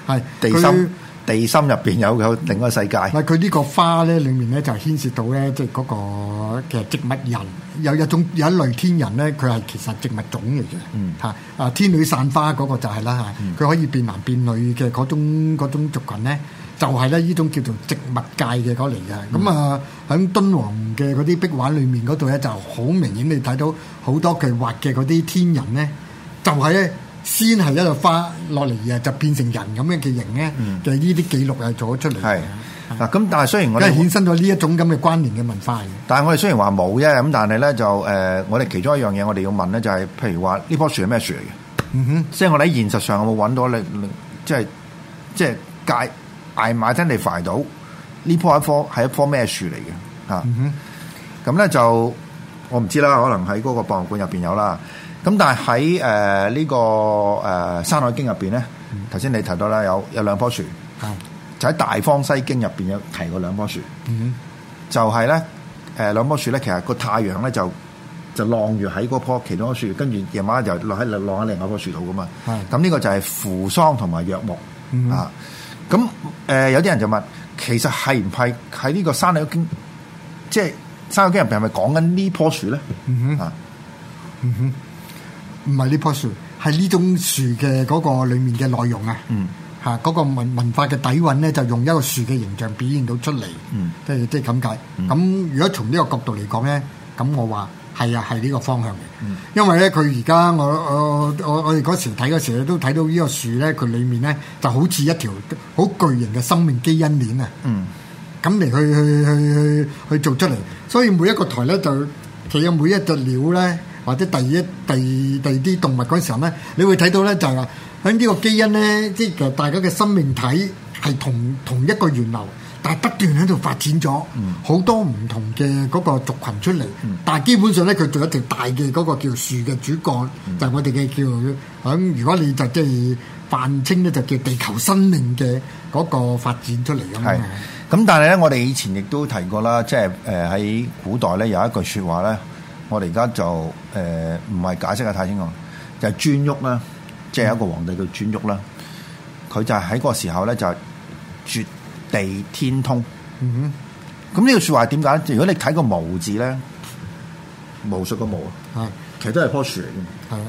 係地心，地心入邊有有另一個世界。嗱，佢呢個花咧裏面咧就牽涉到咧，即係嗰個嘅植物人，有一種有一類天人咧，佢係其實植物種嚟嘅。吓啊，天女散花嗰個就係啦吓，佢可以變男變女嘅嗰種種族群咧。就係咧，依種叫做植物界嘅嗰類嘅咁啊，喺敦煌嘅嗰啲壁畫裏面嗰度咧，就好明顯你睇到好多佢畫嘅嗰啲天人咧，就係、是、咧先係一個花落嚟，然後就變成人咁樣嘅形咧、嗯。就係呢啲記錄係做咗出嚟。嗱，咁但係雖然我哋衍生咗呢一種咁嘅關聯嘅文化，但係我哋雖然話冇啫，咁但係咧就誒、呃，我哋其中一樣嘢我哋要問咧、就是，就係譬如話呢樖樹係咩樹嚟嘅？嗯、哼，即係我哋喺現實上有冇揾到你？即係即係界。大馬真地快到呢棵一棵係一棵咩樹嚟嘅吓？咁咧就我唔知啦，可能喺嗰個博物館入面有啦。咁但係喺呢個山海經入面咧，頭先你提到啦，有有兩棵樹，就喺大方西經入面有提過兩棵樹，就係咧兩棵樹咧，其實個太陽咧就就晾住喺嗰棵其中一棵樹，跟住夜晚就晾喺晾喺另外一棵樹度噶嘛。咁呢個就係扶桑同埋藥木啊。嗯。咁誒、呃、有啲人就問，其實係唔係喺呢個《山字經海》，即係《山海經》入邊係咪講緊呢棵樹咧？嗯哼，啊，嗯哼，唔係呢棵樹，係呢種樹嘅嗰個裡面嘅內容啊。嗯，嚇、啊、嗰、那個文文化嘅底蘊咧，就用一個樹嘅形象表現到出嚟。嗯，即係即係咁解。咁、嗯、如果從呢個角度嚟講咧，咁我話。係啊，係呢個方向嘅，因為咧佢而家我我我我哋嗰時睇嗰時咧，都睇到呢個樹咧，佢裏面咧就好似一條好巨型嘅生命基因鏈啊！嗯，咁嚟去去去去去做出嚟，所以每一個台咧就佢有每一隻鳥咧，或者第一第二第啲動物嗰時候咧，你會睇到咧就係話喺呢個基因咧，即係大家嘅生命體係同同一個源流。但係不斷喺度發展咗，好多唔同嘅嗰個族群出嚟、嗯。但係基本上咧，佢仲有一條大嘅嗰個叫樹嘅主幹、嗯，就係、我哋嘅叫咁。如果你就即係泛稱咧，就叫地球生命嘅嗰個發展出嚟咁啊。咁但係咧，我哋以前亦都提過啦，即係誒喺古代咧有一句説話咧，我哋而家就誒唔係解釋得太清楚，就係顓頊啦，即、就、係、是、一個皇帝叫顓頊啦，佢、嗯、就喺個時候咧就絕地天通，嗯哼，咁呢個說話點解？如果你睇個無字咧，無術個無啊，係，其實都係棵樹嚟嘅，係，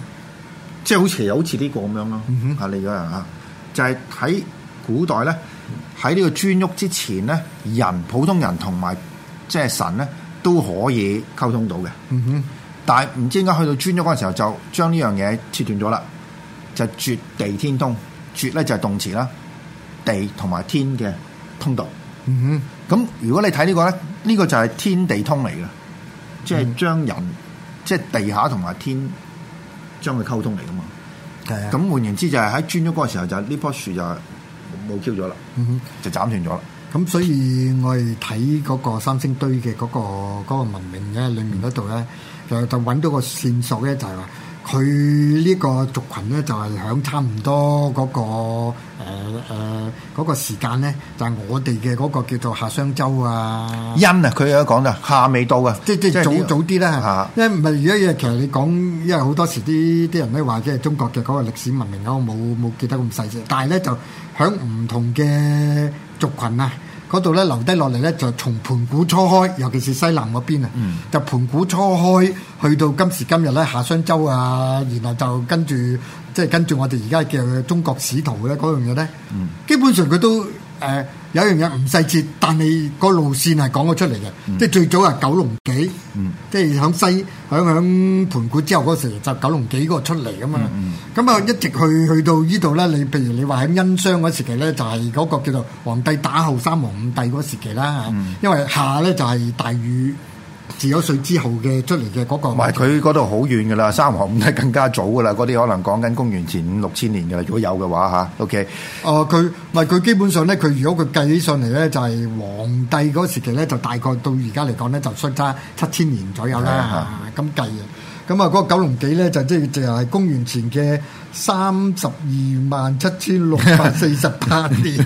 即係好似好似呢個咁樣咯，嗯哼，啊你嘅啊，就係、是、喺古代咧，喺呢個顓頊之前咧，人普通人同埋即係神咧都可以溝通到嘅，嗯哼，但係唔知點解去到顓頊嗰陣時候就將呢樣嘢切斷咗啦，就、就是、絕地天通，絕咧就係動詞啦，地同埋天嘅。通道，咁，如果你睇呢、這個咧，呢、這個就係天地通嚟嘅，即係將人，即、就、係、是、地下同埋天，將佢溝通嚟噶嘛。咁、嗯、換言之就係喺鑽咗嗰個時候就呢樖樹就冇 Q 咗啦，就斬斷咗啦。咁、嗯、所以我哋睇嗰個三星堆嘅嗰、那個、那個文明咧裏面嗰度咧，就就揾到一個線索咧就係話。佢呢個族群咧就係、是、喺差唔多嗰、那個誒誒嗰個時間咧，就係、是、我哋嘅嗰個叫做夏商周啊。殷啊，佢有一講啦，夏未到啊，即即、這個、早早啲啦、啊，因為唔係而家嘢。其實你講因為好多時啲啲人咧話即係中國嘅嗰個歷史文明啊，我冇冇記得咁細啫。但係咧就喺唔同嘅族群啊。嗰度咧留低落嚟咧就從盤古初開，尤其是西南嗰邊啊，嗯、就盤古初開去到今時今日咧，夏商周啊，然後就跟住即係跟住我哋而家嘅中國使徒咧嗰樣嘢咧，嗯、基本上佢都。誒、呃、有一樣嘢唔細節，但係個路線係講咗出嚟嘅、嗯，即係最早係九龍紀，嗯、即係響西響響盤古之後嗰時就是、九龍紀嗰個出嚟噶嘛。咁、嗯、啊，嗯、一直去去到呢度咧，你譬如你話喺殷商嗰時期咧，就係、是、嗰個叫做皇帝打後三皇五帝嗰時期啦、嗯、因為夏咧就係大禹。自有歲之後嘅出嚟嘅嗰個，唔係佢嗰度好遠噶啦，三皇五帝更加早噶啦，嗰啲可能講緊公元前五六千年噶啦。如果有嘅話吓 OK 啊，佢唔係佢基本上咧，佢如果佢計起上嚟咧，就係、是、皇帝嗰時期咧，就大概到而家嚟講咧，就相差七千年左右啦。咁計嘅。咁啊嗰個九龍紀咧，就即係淨係公元前嘅三十二萬七千六百四十八年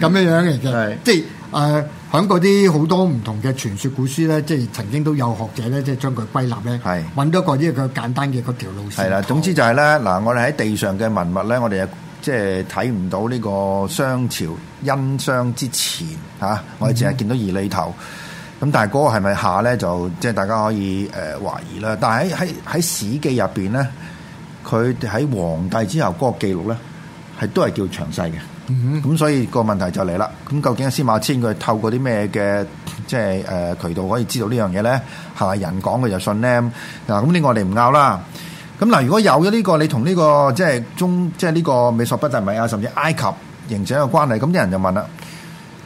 咁 <laughs> <laughs> 樣樣嚟嘅，即係誒。呃喺嗰啲好多唔同嘅傳説古書咧，即係曾經都有學者咧，即係將佢歸納咧，揾咗個呢個簡單嘅嗰條路線條。係啦，總之就係咧嗱，我哋喺地上嘅文物咧，我哋即係睇唔到呢個商朝殷商之前吓、嗯，我哋淨係見到二里頭。咁但係嗰個係咪下咧，就即係、就是、大家可以誒、呃、懷疑啦。但係喺喺史記入邊咧，佢喺黃帝之後嗰個記錄咧，係都係叫詳細嘅。咁所以個問題就嚟啦，咁究竟司馬遷佢透過啲咩嘅即係誒渠道可以知道呢樣嘢咧？係咪人講佢就信咧？嗱，咁呢個我哋唔拗啦。咁嗱，如果有咗呢個，你同呢個即係中即係呢個美索不達米亞甚至埃及形成一個關係，咁啲人就問啦：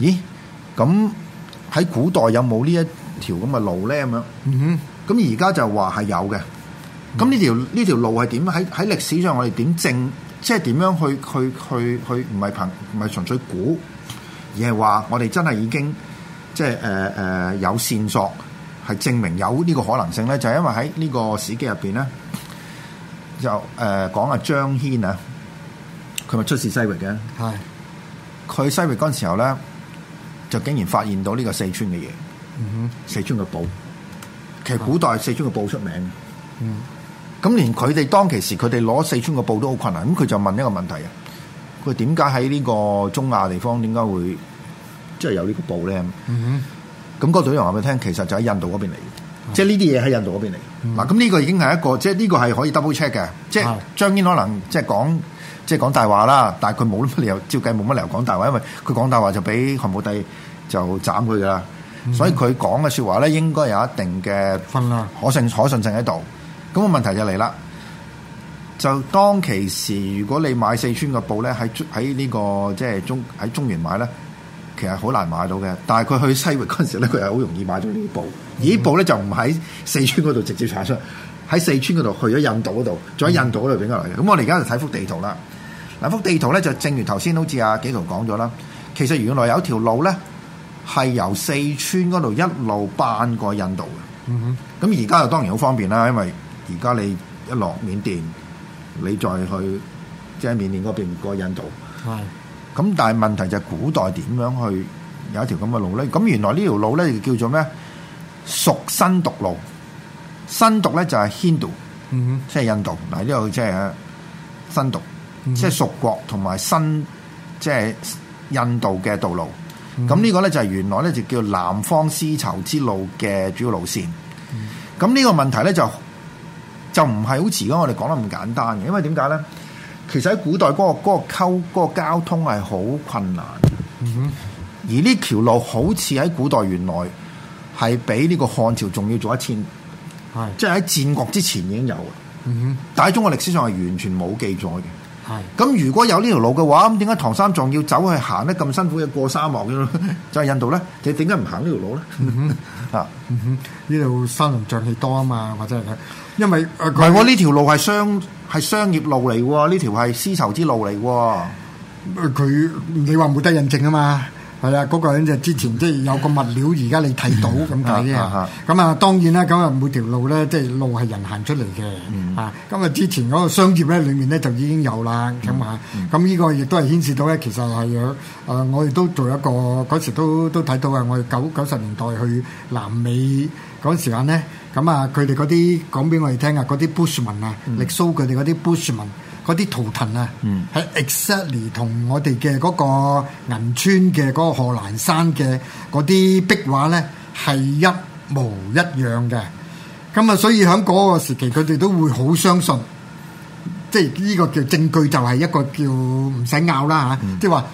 咦？咁喺古代有冇呢一條咁嘅路咧？咁樣，嗯哼。咁而家就話係有嘅。咁呢條呢條路係點？喺喺歷史上我哋點證？即係點樣去去去去唔係憑唔係純粹估，而係話我哋真係已經即係誒誒有線索，係證明有呢個可能性咧，就係、是、因為喺呢個史記入邊咧，就誒、呃、講阿張騫啊，佢咪出使西域嘅。係佢西域嗰陣時候咧，就竟然發現到呢個四川嘅嘢，嗯、哼，四川嘅寶，其實古代四川嘅寶出名，嗯。咁連佢哋當其時，佢哋攞四川個布都好困難。咁佢就問一個問題啊：佢點解喺呢個中亞地方點解會即係有呢個布呢、嗯呢個布咧？咁嗰隊人話畀佢聽，其實就喺印度嗰邊嚟嘅、哦，即係呢啲嘢喺印度嗰邊嚟。嗱、嗯，咁、啊、呢個已經係一個，即係呢個係可以 double check 嘅、嗯。即係張騫可能即係講即係講大話啦，但係佢冇乜理由，照計冇乜理由講大話，因為佢講大話就俾漢武帝就斬佢啦。所以佢講嘅説話咧，應該有一定嘅可信、嗯、可信性喺度。咁個問題就嚟啦，就當其時，如果你買四川布呢、這個布咧，喺喺呢個即係中喺中原買咧，其實好難買到嘅。但係佢去西域嗰陣時咧，佢又好容易買到呢布。嗯、而布呢布咧就唔喺四川嗰度直接產出，喺四川嗰度去咗印度嗰度，再喺印度嗰度畀翻嚟嘅。咁、嗯、我哋而家就睇幅地圖啦。嗱，幅地圖咧就正如頭先好似阿紀陶講咗啦，其實原來有條路咧係由四川嗰度一路翻過印度嘅。哼、嗯，咁而家又當然好方便啦，因為而家你一落緬甸，你再去即係緬甸嗰邊過印度，係，咁但係問題就係古代點樣去，有一條咁嘅路咧？咁原來呢條路咧就叫做咩？蜀身毒路，身毒咧就係 Hindu，、嗯、即係印度，嗱呢度即係身毒、嗯，即係蜀國同埋新即係印度嘅道路。咁、嗯、呢個咧就係原來咧就叫南方絲綢之路嘅主要路線，咁、嗯、呢個問題咧就。就唔係好似而家我哋講得咁簡單嘅，因為點解咧？其實喺古代嗰個嗰個溝嗰個交通係好困難、嗯，而呢條路好似喺古代原來係比呢個漢朝仲要早一千，即係喺戰國之前已經有嘅、嗯，但喺中國歷史上係完全冇記載嘅。係，咁如果有呢條路嘅話，咁點解唐三藏要走去行得咁辛苦嘅，過沙漠嘅就係、是、印度咧，你點解唔行呢條路咧？啊、嗯、呢、嗯、條山林瘴氣多啊嘛，或者係因為唔係，我呢條路係商係商業路嚟喎，呢條係絲綢之路嚟喎，佢、呃、你話冇得印證啊嘛？係啦，嗰個人就之前即係有個物料，而家你睇到咁睇、 <laughs> 嗯、啊。咁啊，當然啦，咁啊每條路咧，即係路係人行出嚟嘅。啊、嗯，咁啊之前嗰個商業咧，裏面咧就已經有啦。咁、嗯、啊，咁、嗯、呢個亦都係顯示到咧，其實係誒、呃，我哋都做一個嗰時都都睇到啊，我哋九九十年代去南美嗰陣時間咧，咁啊佢哋嗰啲講俾我哋聽啊，嗰啲 Bushman 啊、嗯，歷蘇佢哋嗰啲 Bushman。嗰啲圖騰啊，係 exactly 同我哋嘅嗰個銀川嘅嗰個賀蘭山嘅嗰啲壁畫咧，係一模一樣嘅。咁啊，所以喺嗰個時期，佢哋都會好相信，即係呢個叫證據就係一個叫唔使拗啦嚇，即係話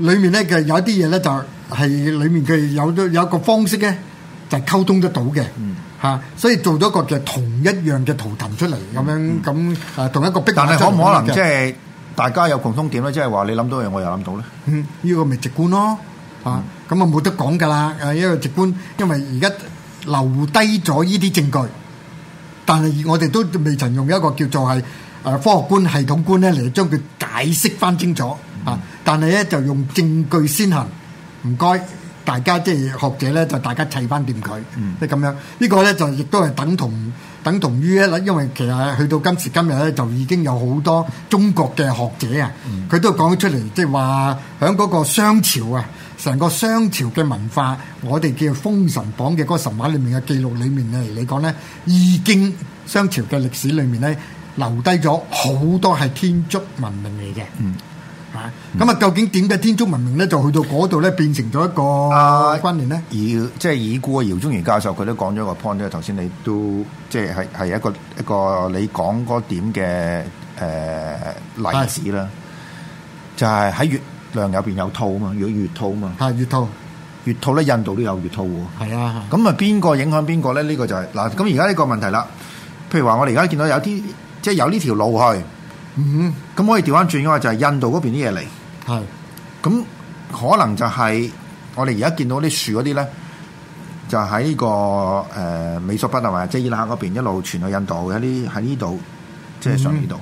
裡面咧嘅有一啲嘢咧就係裡面佢有咗有一個方式咧就係溝通得到嘅。吓、啊，所以做咗個叫同一樣嘅圖騰出嚟，咁、嗯、樣咁誒、啊、同一個逼。但係可唔可能即係大家有共通點咧？即係話你諗到嘢，我又諗到咧。嗯、呢、這個咪直觀咯，吓咁啊冇、嗯啊、得講噶啦。誒、啊，因為直觀，因為而家留低咗呢啲證據，但係我哋都未曾用一個叫做係誒、啊、科學觀、系統觀咧嚟將佢解釋翻清楚。啊、但係咧就用證據先行。唔該。大家即係學者咧，就大家砌翻掂佢，即係咁樣。呢、呢個咧就亦都係等同等同於咧，因為其實去到今時今日咧，就已經有好多中國嘅學者啊，佢、嗯、都講出嚟，即係話喺嗰個商朝啊，成個商朝嘅文化，我哋叫《封神榜》嘅嗰神話裏面嘅記錄裏面嚟嚟講咧，已經商朝嘅歷史裏面咧，留低咗好多係天竺文明嚟嘅。嗯咁、嗯、啊，那麼究竟點解天竺文明咧就去到嗰度咧變成咗一個關聯咧？啊以就是、以的姚即係已故嘅姚宗元教授，佢都講咗個 point，因為頭先你都即係係係一個一個你講嗰點嘅誒、呃、例子啦。就係、是、喺月亮入邊有兔啊嘛，如果月兔啊嘛，啊月兔月兔咧，印度都有月兔喎。啊，咁啊邊個影響邊個咧？呢、這個就係、是、嗱，咁而家呢個問題啦。譬如話，我哋而家見到有啲即係有呢條路去。嗯，咁可以調翻轉嘅話，就係、是、印度嗰邊啲嘢嚟。係，咁可能就係、是、我哋而家見到啲樹嗰啲咧，就喺呢、這個誒、呃、美索不達米亞、或者伊拉克嗰邊一路傳去印度，有啲喺呢度，即係、嗯、上呢度。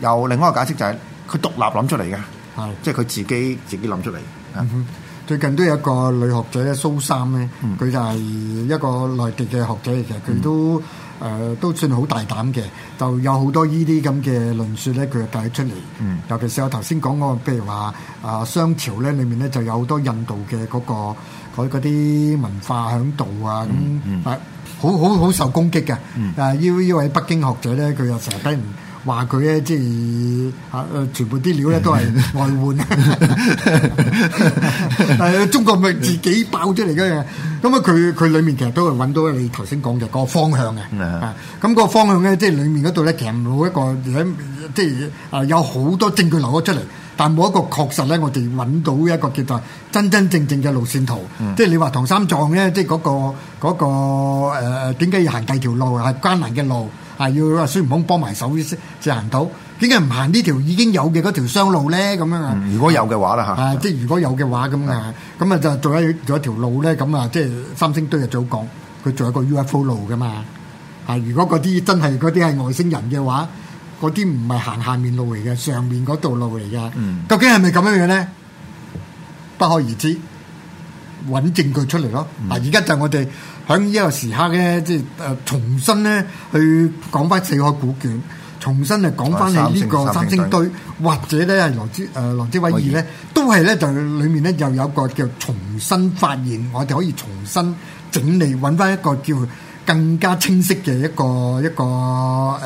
又另外一個解釋就係、是、佢獨立諗出嚟嘅，係，即係佢自己自己諗出嚟、嗯。最近都有一個女學者咧，蘇三咧，佢、嗯、就係一個內地嘅學者其實，佢都。嗯誒、呃、都算好大膽嘅，就有好多這這呢啲咁嘅論述咧，佢又帶出嚟。嗯，尤其是我頭先講個，譬如話啊商朝咧裏面咧就有好多印度嘅嗰、那個佢嗰啲文化響度、嗯嗯、啊咁，好好好受攻擊嘅、嗯。啊，呢呢位北京學者咧，佢又成日俾唔～話佢咧，即係吓，全部啲料咧都係外援，係中國咪自己爆出嚟嘅？咁啊，佢佢裏面其實都係揾到你頭先講嘅個方向嘅。啊，咁個方向咧，即係裏面嗰度咧，其實冇一個，即係啊，有好多證據流咗出嚟，但係冇一個確實咧，我哋揾到一個叫做真真正正嘅路線圖。即係你話唐三藏咧，即係嗰個嗰個誒，點解要行第二條路係艱難嘅路？係要話孫悟空幫埋手先至行到，點解唔行呢條已經有嘅嗰條商路咧？咁樣啊？如果有嘅話啦吓，即係如果有嘅話咁啊，咁啊就做一做一條路咧。咁啊，即係三星堆一早講，佢做一個 UFO 路噶嘛。啊，如果嗰啲真係嗰啲係外星人嘅話，嗰啲唔係行下面路嚟嘅，上面嗰度路嚟嘅。嗯。究竟係咪咁樣樣咧？不可而知，揾證據出嚟咯。嗱，而家就係我哋。喺呢個時刻咧，即係誒，重新咧去講翻四海古卷，重新啊講翻呢個三星，三，星三星堆，或者咧係羅之誒羅茲威爾咧，都係咧就裏面咧又有一個叫重新發現，我哋可以重新整理揾翻一個叫更加清晰嘅一個一個誒誒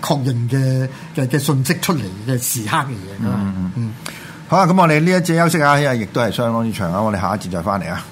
確認嘅嘅嘅信息出嚟嘅時刻嚟嘅。嗯嗯嗯。好啊，咁我哋呢一節休息啊，因為亦都係相當之長啊，我哋下一節再翻嚟啊。